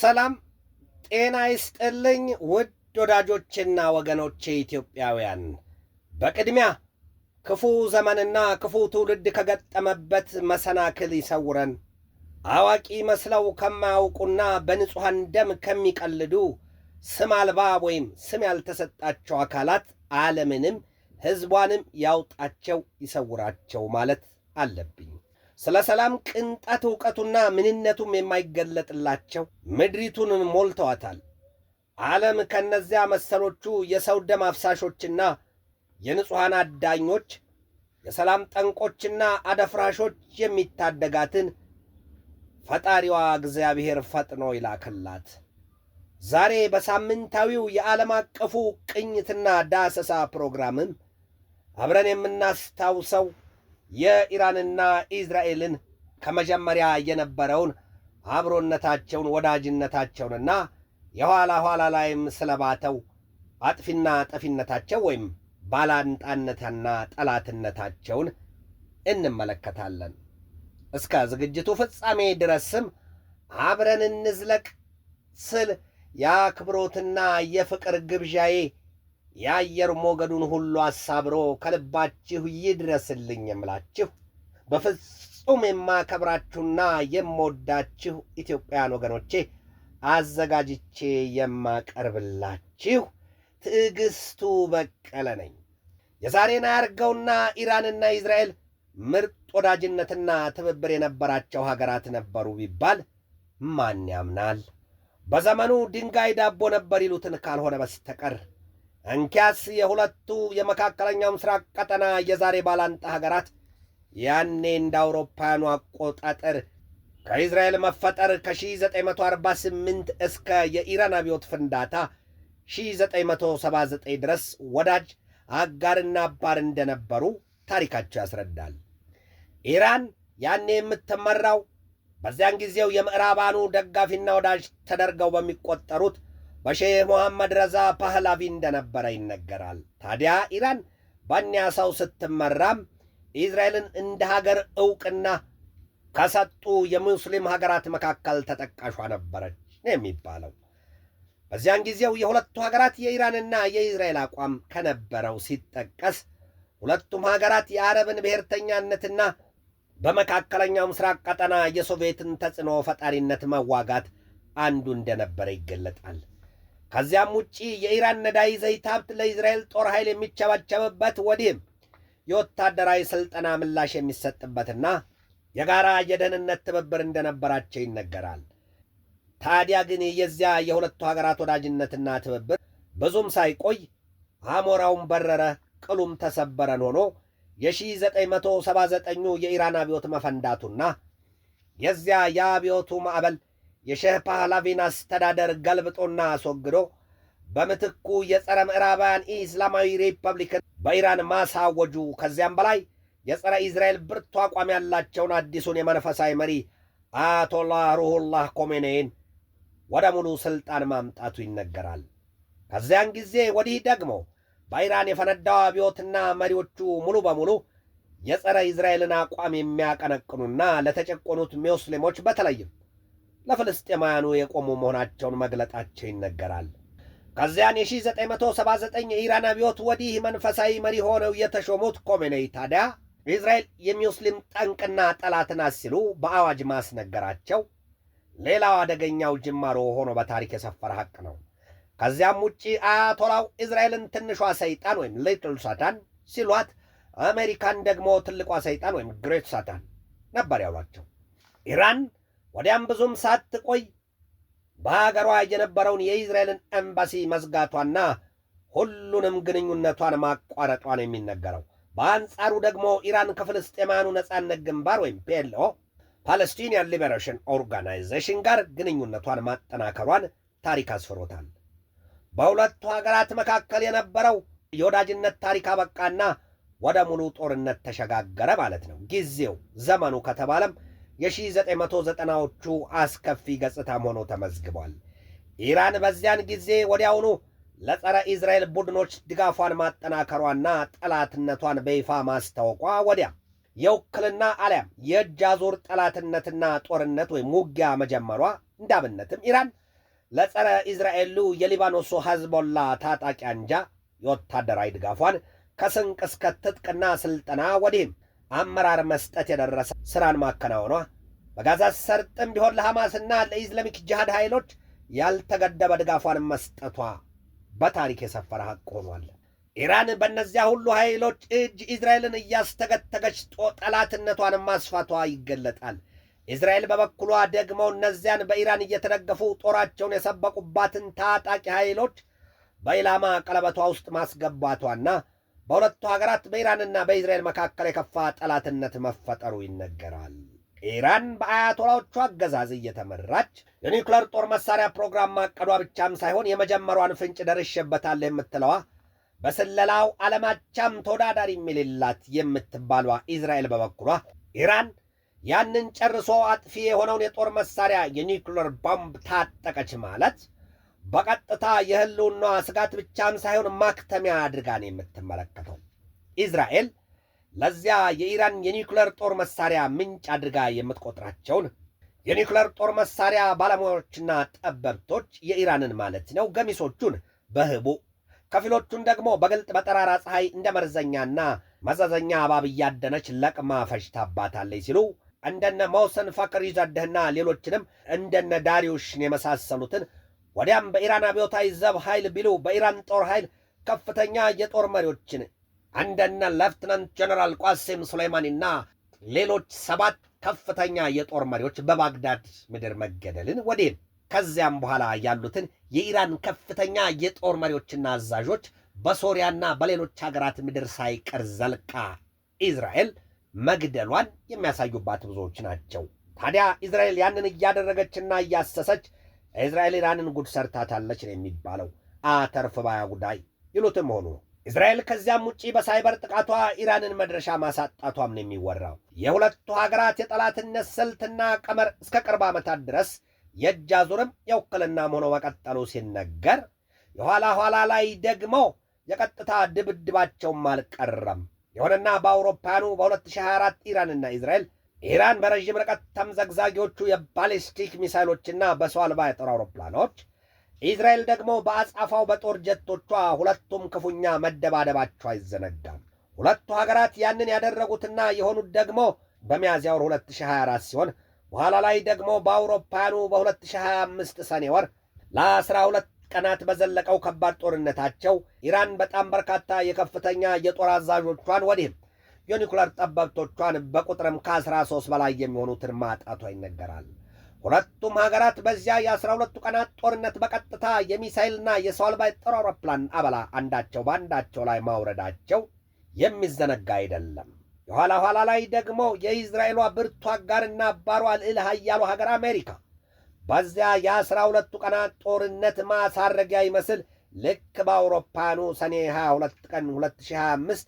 ሰላም ጤና ይስጥልኝ ውድ ወዳጆቼና ወገኖቼ ኢትዮጵያውያን፣ በቅድሚያ ክፉ ዘመንና ክፉ ትውልድ ከገጠመበት መሰናክል ይሰውረን። አዋቂ መስለው ከማያውቁና በንጹሐን ደም ከሚቀልዱ ስም አልባ ወይም ስም ያልተሰጣቸው አካላት ዓለምንም ሕዝቧንም ያውጣቸው ይሰውራቸው ማለት አለብኝ። ስለ ሰላም ቅንጣት እውቀቱና ምንነቱም የማይገለጥላቸው ምድሪቱን ሞልተዋታል። ዓለም ከእነዚያ መሰሎቹ የሰው ደም አፍሳሾችና የንጹሐን አዳኞች፣ የሰላም ጠንቆችና አደፍራሾች የሚታደጋትን ፈጣሪዋ እግዚአብሔር ፈጥኖ ይላክላት። ዛሬ በሳምንታዊው የዓለም አቀፉ ቅኝትና ዳሰሳ ፕሮግራምም አብረን የምናስታውሰው የኢራንና ኢዝራኤልን ከመጀመሪያ የነበረውን አብሮነታቸውን ወዳጅነታቸውንና የኋላ ኋላ ላይም ስለባተው አጥፊና ጠፊነታቸው ወይም ባላንጣነትና ጠላትነታቸውን እንመለከታለን። እስከ ዝግጅቱ ፍጻሜ ድረስም አብረን እንዝለቅ ስል የአክብሮትና የፍቅር ግብዣዬ የአየር ሞገዱን ሁሉ አሳብሮ ከልባችሁ ይድረስልኝ የምላችሁ በፍጹም የማከብራችሁና የምወዳችሁ ኢትዮጵያውያን ወገኖቼ አዘጋጅቼ የማቀርብላችሁ ትዕግስቱ በቀለ ነኝ። የዛሬን አያርገውና ኢራንና ኢዝራኤል ምርጥ ወዳጅነትና ትብብር የነበራቸው ሀገራት ነበሩ ቢባል ማን ያምናል? በዘመኑ ድንጋይ ዳቦ ነበር ይሉትን ካልሆነ በስተቀር እንኪያስ የሁለቱ የመካከለኛው ምስራቅ ቀጠና የዛሬ ባላንጣ ሀገራት ያኔ እንደ አውሮፓውያኑ አቆጣጠር ከእስራኤል መፈጠር ከ1948 እስከ የኢራን አብዮት ፍንዳታ 1979 ድረስ ወዳጅ አጋርና አባር እንደነበሩ ታሪካቸው ያስረዳል። ኢራን ያኔ የምትመራው በዚያን ጊዜው የምዕራባኑ ደጋፊና ወዳጅ ተደርገው በሚቆጠሩት በሼህ ሞሐመድ ረዛ ፓህላቪ እንደነበረ ይነገራል። ታዲያ ኢራን ባንያ ሰው ስትመራም እስራኤልን እንደ ሀገር ዕውቅና ከሰጡ የሙስሊም ሀገራት መካከል ተጠቃሿ ነበረች ነው የሚባለው። በዚያን ጊዜው የሁለቱ ሀገራት የኢራንና የእስራኤል አቋም ከነበረው ሲጠቀስ ሁለቱም ሀገራት የአረብን ብሔርተኛነትና በመካከለኛው ምስራቅ ቀጠና የሶቪየትን ተጽዕኖ ፈጣሪነት መዋጋት አንዱ እንደነበረ ይገለጣል። ከዚያም ውጪ የኢራን ነዳይ ዘይት ሀብት ለእስራኤል ጦር ኃይል የሚቸበቸብበት ወዲህም የወታደራዊ ሥልጠና ምላሽ የሚሰጥበትና የጋራ የደህንነት ትብብር እንደነበራቸው ይነገራል። ታዲያ ግን የዚያ የሁለቱ ሀገራት ወዳጅነትና ትብብር ብዙም ሳይቆይ አሞራውም በረረ፣ ቅሉም ተሰበረን ሆኖ የ1979ኙ የኢራን አብዮት መፈንዳቱና የዚያ የአብዮቱ ማዕበል የሼህ ፓህላቪን አስተዳደር ገልብጦና አስወግዶ በምትኩ የጸረ ምዕራባውያን ኢስላማዊ ሪፐብሊክን በኢራን ማሳወጁ ከዚያም በላይ የጸረ ኢዝራኤል ብርቱ አቋም ያላቸውን አዲሱን የመንፈሳዊ መሪ አያቶላህ ሩሁላህ ኮሜኔይን ወደ ሙሉ ሥልጣን ማምጣቱ ይነገራል። ከዚያን ጊዜ ወዲህ ደግሞ በኢራን የፈነዳው አብዮትና መሪዎቹ ሙሉ በሙሉ የጸረ ኢዝራኤልን አቋም የሚያቀነቅኑና ለተጨቆኑት ሙስሊሞች በተለይም ለፍልስጤማውያኑ የቆሙ መሆናቸውን መግለጣቸው ይነገራል። ከዚያን የ1979 የኢራን አብዮት ወዲህ መንፈሳዊ መሪ ሆነው የተሾሙት ኮሜኔይ ታዲያ የእስራኤል የሙስሊም ጠንቅና ጠላት ናት ሲሉ በአዋጅ ማስነገራቸው ሌላው አደገኛው ጅማሮ ሆኖ በታሪክ የሰፈረ ሐቅ ነው። ከዚያም ውጪ አያቶላው እስራኤልን ትንሿ ሰይጣን ወይም ሊትል ሳታን ሲሏት፣ አሜሪካን ደግሞ ትልቋ ሰይጣን ወይም ግሬት ሳታን ነበር ያሏቸው። ኢራን ወዲያም ብዙም ሳትቆይ በሀገሯ የነበረውን የእስራኤልን ኤምባሲ መዝጋቷና ሁሉንም ግንኙነቷን ነው የሚነገረው። በአንጻሩ ደግሞ ኢራን ከፍልስጤማኑ ነጻነት ግንባር ወይም ፔሎ ፓለስቲኒያን ሊበሬሽን ኦርጋናይዜሽን ጋር ግንኙነቷን ማጠናከሯን ታሪክ አስፍሮታል። በሁለቱ ሀገራት መካከል የነበረው የወዳጅነት ታሪክ አበቃና ወደ ሙሉ ጦርነት ተሸጋገረ ማለት ነው። ጊዜው ዘመኑ ከተባለም የ1990ዎቹ አስከፊ ገጽታም ሆኖ ተመዝግቧል። ኢራን በዚያን ጊዜ ወዲያውኑ ለጸረ ኢዝራኤል ቡድኖች ድጋፏን ማጠናከሯና ጠላትነቷን በይፋ ማስታወቋ ወዲያ የውክልና አሊያም የእጅ አዙር ጠላትነትና ጦርነት ወይም ውጊያ መጀመሯ እንዳብነትም ኢራን ለጸረ ኢዝራኤሉ የሊባኖሱ ሐዝቦላ ታጣቂ አንጃ የወታደራዊ ድጋፏን ከስንቅ እስከ ትጥቅና ስልጠና ወዲህም አመራር መስጠት የደረሰ ስራን ማከናወኗ በጋዛ ሰርጥም ቢሆን ለሐማስና ለኢስላሚክ ጅሃድ ኃይሎች ያልተገደበ ድጋፏን መስጠቷ በታሪክ የሰፈረ ሀቅ ሆኗል። ኢራን በእነዚያ ሁሉ ኃይሎች እጅ እስራኤልን እያስተገተገች ጠላትነቷን ማስፋቷ ይገለጣል። እስራኤል በበኩሏ ደግሞ እነዚያን በኢራን እየተደገፉ ጦራቸውን የሰበቁባትን ታጣቂ ኃይሎች በኢላማ ቀለበቷ ውስጥ ማስገባቷና በሁለቱ ሀገራት በኢራንና በእስራኤል መካከል የከፋ ጠላትነት መፈጠሩ ይነገራል። ኢራን በአያቶላዎቹ አገዛዝ እየተመራች የኒውክለር ጦር መሳሪያ ፕሮግራም ማቀዷ ብቻም ሳይሆን የመጀመሯን ፍንጭ ደርሼበታል የምትለዋ በስለላው ዓለማቻም ተወዳዳሪ የሚልላት የምትባሏ እስራኤል በበኩሏ ኢራን ያንን ጨርሶ አጥፊ የሆነውን የጦር መሳሪያ የኒውክለር ቦምብ ታጠቀች ማለት በቀጥታ የህልውና ስጋት ብቻም ሳይሆን ማክተሚያ አድርጋ የምትመለከተው። ኢዝራኤል ለዚያ የኢራን የኒውክለር ጦር መሳሪያ ምንጭ አድርጋ የምትቆጥራቸውን የኒውክለር ጦር መሳሪያ ባለሙያዎችና ጠበብቶች የኢራንን ማለት ነው ገሚሶቹን በህቡ ከፊሎቹን ደግሞ በግልጥ በጠራራ ፀሐይ እንደ መርዘኛና መዘዘኛ እባብ እያደነች ለቅማ ፈጅታባታለች ሲሉ እንደነ መውሰን ፈቅር ይዘድህና ሌሎችንም እንደነ ዳሪውሽን የመሳሰሉትን ወዲያም በኢራን አብዮታዊ ዘብ ኃይል ቢሉ በኢራን ጦር ኃይል ከፍተኛ የጦር መሪዎችን እንደነ ሌፍትናንት ጀነራል ቋሴም ሱሌይማኒና ሌሎች ሰባት ከፍተኛ የጦር መሪዎች በባግዳድ ምድር መገደልን ወዴን ከዚያም በኋላ ያሉትን የኢራን ከፍተኛ የጦር መሪዎችና አዛዦች በሶሪያና በሌሎች ሀገራት ምድር ሳይቀር ዘልቃ ኢዝራኤል መግደሏን የሚያሳዩባት ብዙዎች ናቸው። ታዲያ ኢዝራኤል ያንን እያደረገችና እያሰሰች እስራኤል ኢራንን ጉድ ሰርታታለች ነው የሚባለው። አተርፍ ባያ ጉዳይ ይሉትም መሆኑ ነው። እስራኤል ከዚያም ውጪ በሳይበር ጥቃቷ ኢራንን መድረሻ ማሳጣቷም ነው የሚወራው። የሁለቱ ሀገራት የጠላትነት ስልትና ቀመር እስከ ቅርብ ዓመታት ድረስ የእጅ አዙርም የውክልናም ሆኖ መቀጠሉ ሲነገር፣ የኋላ ኋላ ላይ ደግሞ የቀጥታ ድብድባቸውም አልቀረም። የሆነና በአውሮፓውያኑ በ2024 ኢራንና እስራኤል ኢራን በረዥም ርቀት ተምዘግዛጊዎቹ የባሊስቲክ ሚሳይሎችና በሰው አልባ የጦር አውሮፕላኖች፣ ኢዝራኤል ደግሞ በአጻፋው በጦር ጀቶቿ ሁለቱም ክፉኛ መደባደባቸው አይዘነጋም። ሁለቱ ሀገራት ያንን ያደረጉትና የሆኑት ደግሞ በሚያዝያ ወር 2024 ሲሆን በኋላ ላይ ደግሞ በአውሮፓውያኑ በ2025 ሰኔ ወር ለአስራ 12 ቀናት በዘለቀው ከባድ ጦርነታቸው ኢራን በጣም በርካታ የከፍተኛ የጦር አዛዦቿን ወዲህም የኒኩለር ጠበብቶቿን በቁጥርም ከአስራ ሦስት በላይ የሚሆኑትን ማጣቷ ይነገራል። ሁለቱም ሀገራት በዚያ የአስራ ሁለቱ ቀናት ጦርነት በቀጥታ የሚሳይልና የሰው አልባ የጦር አውሮፕላን አበላ አንዳቸው በአንዳቸው ላይ ማውረዳቸው የሚዘነጋ አይደለም። የኋላ ኋላ ላይ ደግሞ የእስራኤሏ ብርቱ አጋርና አባሯ ልዕለ ኃያሉ ሀገር አሜሪካ በዚያ የአስራ ሁለቱ ቀናት ጦርነት ማሳረጊያ ይመስል ልክ በአውሮፓኑ ሰኔ 22 ቀን 2025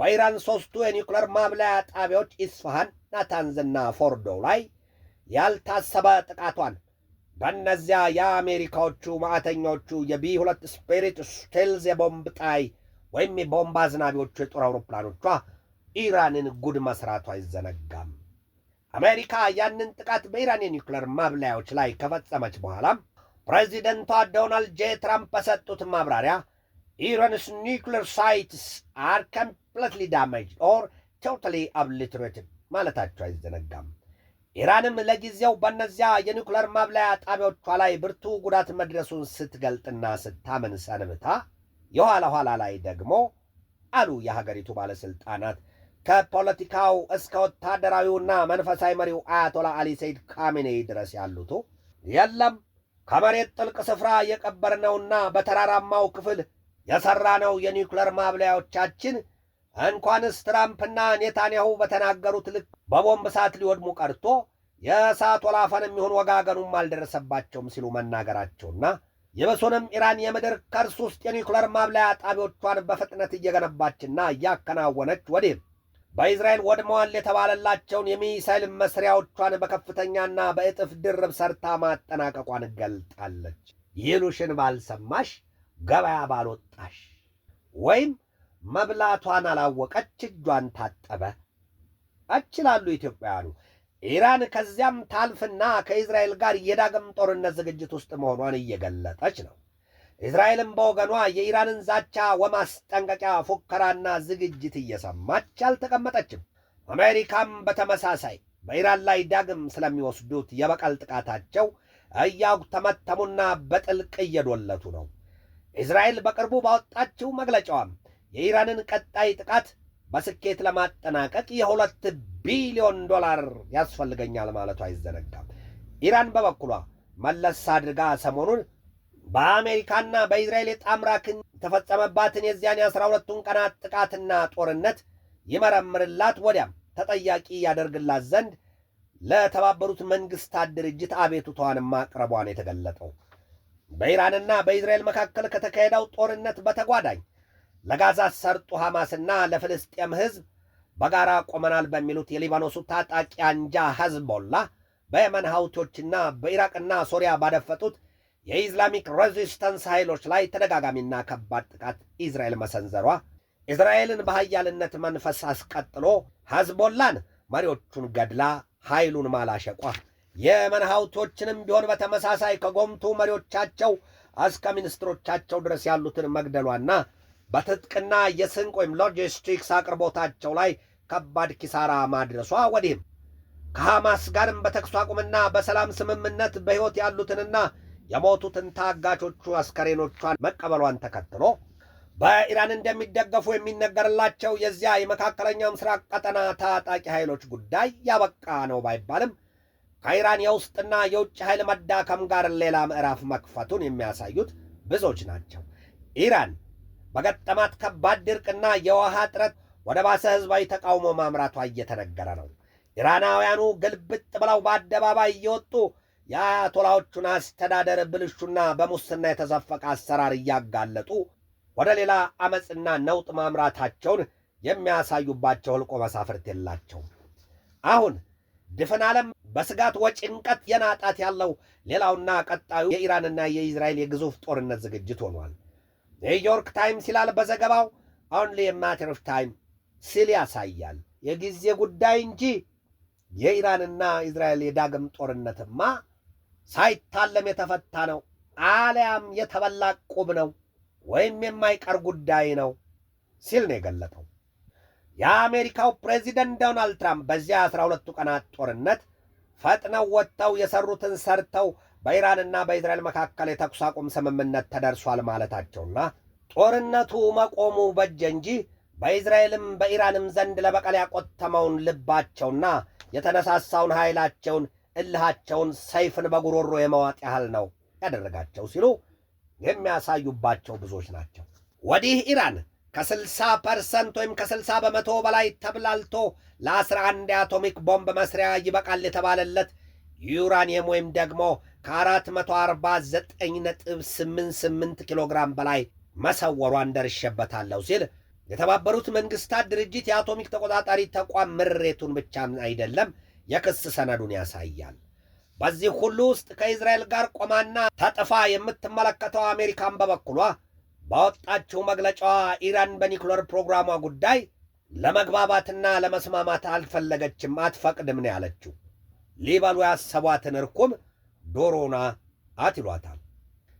በኢራን ሶስቱ የኒውክለር ማብላያ ጣቢያዎች ኢስፋሃን፣ ናታንዝና ፎርዶ ላይ ያልታሰበ ጥቃቷን በእነዚያ የአሜሪካዎቹ ማዕተኞቹ የቢ ሁለት ስፒሪት ስቴልዝ የቦምብ ጣይ ወይም የቦምብ አዝናቢዎቹ የጦር አውሮፕላኖቿ ኢራንን ጉድ መስራቱ አይዘነጋም። አሜሪካ ያንን ጥቃት በኢራን የኒውክለር ማብላያዎች ላይ ከፈጸመች በኋላም ፕሬዚደንቷ ዶናልድ ጄ ትራምፕ በሰጡት ማብራሪያ Iran's nuclear sites are completely damaged or totally obliterated ማለታቸው አይዘነጋም። ኢራንም ለጊዜው በእነዚያ የኒውክለር ማብላያ ጣቢያዎቿ ላይ ብርቱ ጉዳት መድረሱን ስትገልጥና ስታምን ሰንብታ የኋላ ኋላ ላይ ደግሞ አሉ የሀገሪቱ ባለሥልጣናት ከፖለቲካው እስከ ወታደራዊውና መንፈሳዊ መሪው አያቶላ አሊ ሰይድ ካሚኔ ድረስ ያሉት የለም ከመሬት ጥልቅ ስፍራ የቀበርነውና በተራራማው ክፍል የሠራነው የኒውክለር ማብለያዎቻችን እንኳንስ ትራምፕና ኔታንያሁ በተናገሩት ልክ በቦምብ እሳት ሊወድሙ ቀርቶ የእሳት ወላፈን የሚሆን ወጋገኑም አልደረሰባቸውም ሲሉ መናገራቸውና የበሶንም ኢራን የምድር ከርስ ውስጥ የኒውክለር ማብለያ ጣቢያዎቿን በፍጥነት እየገነባችና እያከናወነች ወዲህ በእስራኤል ወድመዋል የተባለላቸውን የሚሳይል መስሪያዎቿን በከፍተኛና በእጥፍ ድርብ ሰርታ ማጠናቀቋን ገልጣለች። ይሉሽን ባልሰማሽ ገበያ ባልወጣሽ ወይም መብላቷን አላወቀች እጇን ታጠበ እችላሉ ኢትዮጵያውያኑ። ኢራን ከዚያም ታልፍና ከእስራኤል ጋር የዳግም ጦርነት ዝግጅት ውስጥ መሆኗን እየገለጠች ነው። እስራኤልም በወገኗ የኢራንን ዛቻ ወማስጠንቀቂያ ፉከራና ዝግጅት እየሰማች አልተቀመጠችም። አሜሪካም በተመሳሳይ በኢራን ላይ ዳግም ስለሚወስዱት የበቀል ጥቃታቸው እያጉተመተሙና በጥልቅ እየዶለቱ ነው። እስራኤል በቅርቡ ባወጣችው መግለጫዋ የኢራንን ቀጣይ ጥቃት በስኬት ለማጠናቀቅ የሁለት ቢሊዮን ዶላር ያስፈልገኛል ማለቱ አይዘነጋም። ኢራን በበኩሏ መለስ አድርጋ ሰሞኑን በአሜሪካና በእስራኤል የጣምራ ክንድ የተፈጸመባትን የዚያን የአስራ ሁለቱን ቀናት ጥቃትና ጦርነት ይመረምርላት ወዲያም ተጠያቂ ያደርግላት ዘንድ ለተባበሩት መንግስታት ድርጅት አቤቱታዋን ማቅረቧን የተገለጠው በኢራንና በእስራኤል መካከል ከተካሄደው ጦርነት በተጓዳኝ ለጋዛ ሰርጡ ሐማስና ለፍልስጤም ሕዝብ በጋራ ቆመናል በሚሉት የሊባኖሱ ታጣቂ አንጃ ሐዝቦላ በየመን ሐውቲዎችና በኢራቅና ሶሪያ ባደፈጡት የኢስላሚክ ሬዚስተንስ ኃይሎች ላይ ተደጋጋሚና ከባድ ጥቃት ኢዝራኤል መሰንዘሯ እስራኤልን በሀያልነት መንፈስ አስቀጥሎ ሐዝቦላን መሪዎቹን ገድላ ኃይሉን ማላሸቋ የመርሃውቶችንም ቢሆን በተመሳሳይ ከጎምቱ መሪዎቻቸው እስከ ሚኒስትሮቻቸው ድረስ ያሉትን መግደሏና በትጥቅና የስንቅ ወይም ሎጂስቲክስ አቅርቦታቸው ላይ ከባድ ኪሳራ ማድረሷ ወዲህም ከሐማስ ጋርም በተኩስ አቁምና በሰላም ስምምነት በሕይወት ያሉትንና የሞቱትን ታጋቾቹ አስከሬኖቿን መቀበሏን ተከትሎ በኢራን እንደሚደገፉ የሚነገርላቸው የዚያ የመካከለኛው ምስራቅ ቀጠና ታጣቂ ኃይሎች ጉዳይ ያበቃ ነው ባይባልም ከኢራን የውስጥና የውጭ ኃይል መዳከም ጋር ሌላ ምዕራፍ መክፈቱን የሚያሳዩት ብዙዎች ናቸው። ኢራን በገጠማት ከባድ ድርቅና የውሃ እጥረት ወደ ባሰ ህዝባዊ ተቃውሞ ማምራቷ እየተነገረ ነው። ኢራናውያኑ ግልብጥ ብለው በአደባባይ እየወጡ የአያቶላዎቹን አስተዳደር ብልሹና በሙስና የተዘፈቀ አሰራር እያጋለጡ ወደ ሌላ ዐመፅና ነውጥ ማምራታቸውን የሚያሳዩባቸው ሕልቆ መሳፍርት የላቸው። አሁን ድፍን ዓለም በስጋት ወጭንቀት የናጣት ያለው ሌላውና ቀጣዩ የኢራንና የእስራኤል የግዙፍ ጦርነት ዝግጅት ሆኗል። ኒውዮርክ ታይምስ ይላል በዘገባው ኦንሊ የማቴር ኦፍ ታይም ሲል ያሳያል። የጊዜ ጉዳይ እንጂ የኢራንና እስራኤል የዳግም ጦርነትማ ሳይታለም የተፈታ ነው፣ አሊያም የተበላ ቁብ ነው ወይም የማይቀር ጉዳይ ነው ሲል ነው የገለጠው። የአሜሪካው ፕሬዚደንት ዶናልድ ትራምፕ በዚያ አስራ ሁለቱ ቀናት ጦርነት ፈጥነው ወጥተው የሰሩትን ሰርተው በኢራንና በእስራኤል መካከል የተኩስ አቁም ስምምነት ተደርሷል ማለታቸውና ጦርነቱ መቆሙ በጀ እንጂ በእስራኤልም በኢራንም ዘንድ ለበቀል ያቆተመውን ልባቸውና የተነሳሳውን ኃይላቸውን እልሃቸውን ሰይፍን በጉሮሮ የመዋጥ ያህል ነው ያደረጋቸው ሲሉ የሚያሳዩባቸው ብዙዎች ናቸው። ወዲህ ኢራን ከ60 ፐርሰንት ወይም ከስልሳ በመቶ በላይ ተብላልቶ ለ11 የአቶሚክ ቦምብ መስሪያ ይበቃል የተባለለት ዩራኒየም ወይም ደግሞ ከ449.88 ኪሎ ግራም በላይ መሰወሯን ደርሼበታለሁ ሲል የተባበሩት መንግስታት ድርጅት የአቶሚክ ተቆጣጣሪ ተቋም ምሬቱን ብቻም አይደለም የክስ ሰነዱን ያሳያል። በዚህ ሁሉ ውስጥ ከእስራኤል ጋር ቆማና ተጥፋ የምትመለከተው አሜሪካን በበኩሏ ባወጣችው መግለጫዋ ኢራን በኒውክለር ፕሮግራሟ ጉዳይ ለመግባባትና ለመስማማት አልፈለገችም፣ አትፈቅድም ነው ያለችው። ሊበሉ ያሰቧትን እርኩም ዶሮና አት ይሏታል።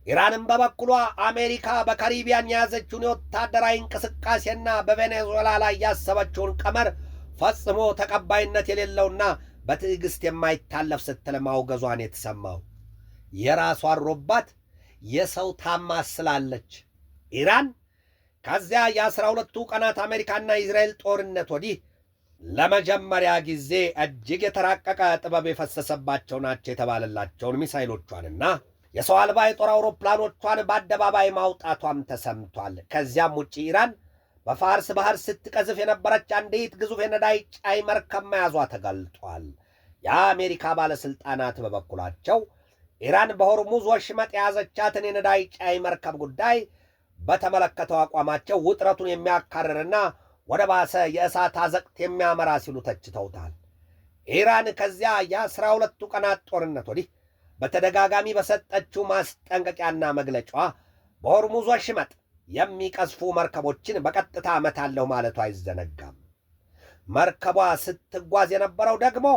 ኢራንም በበኩሏ አሜሪካ በካሪቢያን የያዘችውን የወታደራዊ እንቅስቃሴና በቬኔዙዌላ ላይ ያሰበችውን ቀመር ፈጽሞ ተቀባይነት የሌለውና በትዕግሥት የማይታለፍ ስትል ማውገዟን የተሰማው የራሷ አሮባት የሰው ታማስላለች። ኢራን ከዚያ የአስራ ሁለቱ ቀናት አሜሪካና ኢዝራኤል ጦርነት ወዲህ ለመጀመሪያ ጊዜ እጅግ የተራቀቀ ጥበብ የፈሰሰባቸው ናቸው የተባለላቸውን ሚሳይሎቿንና የሰው አልባ የጦር አውሮፕላኖቿን በአደባባይ ማውጣቷም ተሰምቷል። ከዚያም ውጭ ኢራን በፋርስ ባህር ስትቀዝፍ የነበረች አንዲት ግዙፍ የነዳጅ ጫይ መርከብ መያዟ ተገልጧል። የአሜሪካ ባለሥልጣናት በበኩላቸው ኢራን በሆርሙዝ ወሽመጥ የያዘቻትን የነዳጅ ጫይ መርከብ ጉዳይ በተመለከተው አቋማቸው ውጥረቱን የሚያካርርና ወደ ባሰ የእሳት አዘቅት የሚያመራ ሲሉ ተችተውታል። ኢራን ከዚያ የአስራ ሁለቱ ቀናት ጦርነት ወዲህ በተደጋጋሚ በሰጠችው ማስጠንቀቂያና መግለጫ በሆርሙዞ ሽመጥ የሚቀዝፉ መርከቦችን በቀጥታ መታለሁ ማለቱ አይዘነጋም። መርከቧ ስትጓዝ የነበረው ደግሞ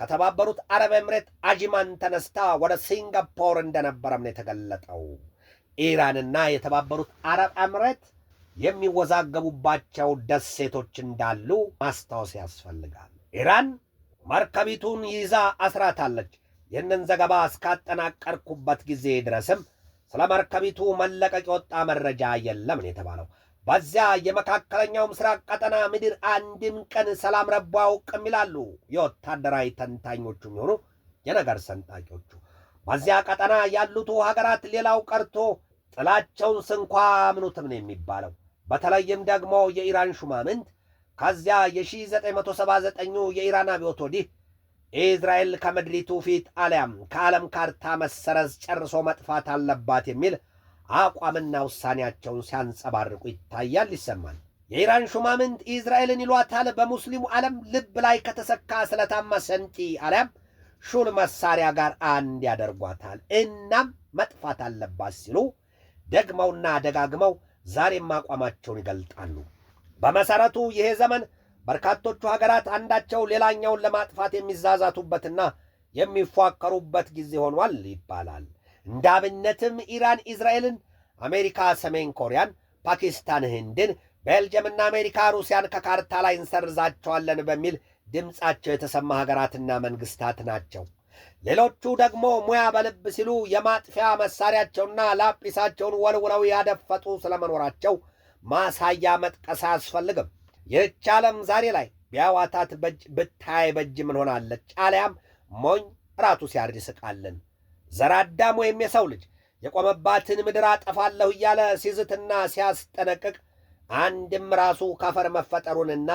ከተባበሩት አረብ ኤምሬት አጅማን ተነስታ ወደ ሲንጋፖር እንደነበረም ነው የተገለጠው። ኢራንና የተባበሩት አረብ አምረት የሚወዛገቡባቸው ደሴቶች እንዳሉ ማስታወስ ያስፈልጋል። ኢራን መርከቢቱን ይዛ አስራታለች። ይህንን ዘገባ እስካጠናቀርኩበት ጊዜ ድረስም ስለ መርከቢቱ መለቀቅ የወጣ መረጃ የለም የተባለው። በዚያ የመካከለኛው ምስራቅ ቀጠና ምድር አንድም ቀን ሰላም ረቦ አያውቅም ይላሉ የወታደራዊ ተንታኞቹ የሚሆኑ የነገር ሰንጣቂዎቹ። በዚያ ቀጠና ያሉት ሀገራት ሌላው ቀርቶ ጥላቸውን ስንኳ ምኑትም ነው የሚባለው። በተለይም ደግሞ የኢራን ሹማምንት ከዚያ የ1979ኙ የኢራን አብዮት ወዲህ ኢዝራኤል ከምድሪቱ ፊት አሊያም ከዓለም ካርታ መሰረዝ ጨርሶ መጥፋት አለባት የሚል አቋምና ውሳኔያቸውን ሲያንጸባርቁ ይታያል፣ ይሰማል። የኢራን ሹማምንት ኢዝራኤልን ይሏታል በሙስሊሙ ዓለም ልብ ላይ ከተሰካ ስለታማ ሰንጢ አሊያም ሹል መሳሪያ ጋር አንድ ያደርጓታል። እናም መጥፋት አለባት ሲሉ ደግመውና ደጋግመው ዛሬም አቋማቸውን ይገልጣሉ። በመሰረቱ ይሄ ዘመን በርካቶቹ ሀገራት አንዳቸው ሌላኛውን ለማጥፋት የሚዛዛቱበትና የሚፏከሩበት ጊዜ ሆኗል ይባላል። እንደ አብነትም ኢራን ኢዝራኤልን፣ አሜሪካ ሰሜን ኮሪያን፣ ፓኪስታን ህንድን፣ ቤልጅየምና አሜሪካ ሩሲያን ከካርታ ላይ እንሰርዛቸዋለን በሚል ድምፃቸው የተሰማ ሀገራትና መንግስታት ናቸው። ሌሎቹ ደግሞ ሙያ በልብ ሲሉ የማጥፊያ መሳሪያቸውና ላጲሳቸውን ወልውለው ያደፈጡ ስለመኖራቸው ማሳያ መጥቀስ አያስፈልግም። ይህች ዓለም ዛሬ ላይ ቢያዋታት ብታይ በጅ ምን ሆናለች? አሊያም ሞኝ ራቱ ሲያርድ ይስቃልን። ዘር አዳም ወይም የሰው ልጅ የቆመባትን ምድር አጠፋለሁ እያለ ሲዝትና ሲያስጠነቅቅ አንድም ራሱ ካፈር መፈጠሩንና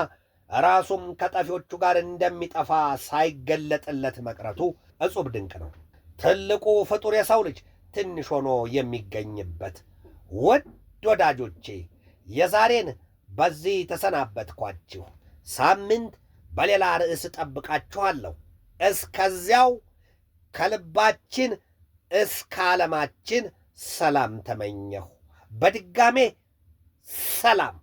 ራሱም ከጠፊዎቹ ጋር እንደሚጠፋ ሳይገለጥለት መቅረቱ እጹብ ድንቅ ነው። ትልቁ ፍጡር የሰው ልጅ ትንሽ ሆኖ የሚገኝበት። ውድ ወዳጆቼ የዛሬን በዚህ ተሰናበትኳችሁ። ሳምንት በሌላ ርዕስ እጠብቃችኋለሁ። እስከዚያው ከልባችን እስከ ዓለማችን ሰላም ተመኘሁ። በድጋሜ ሰላም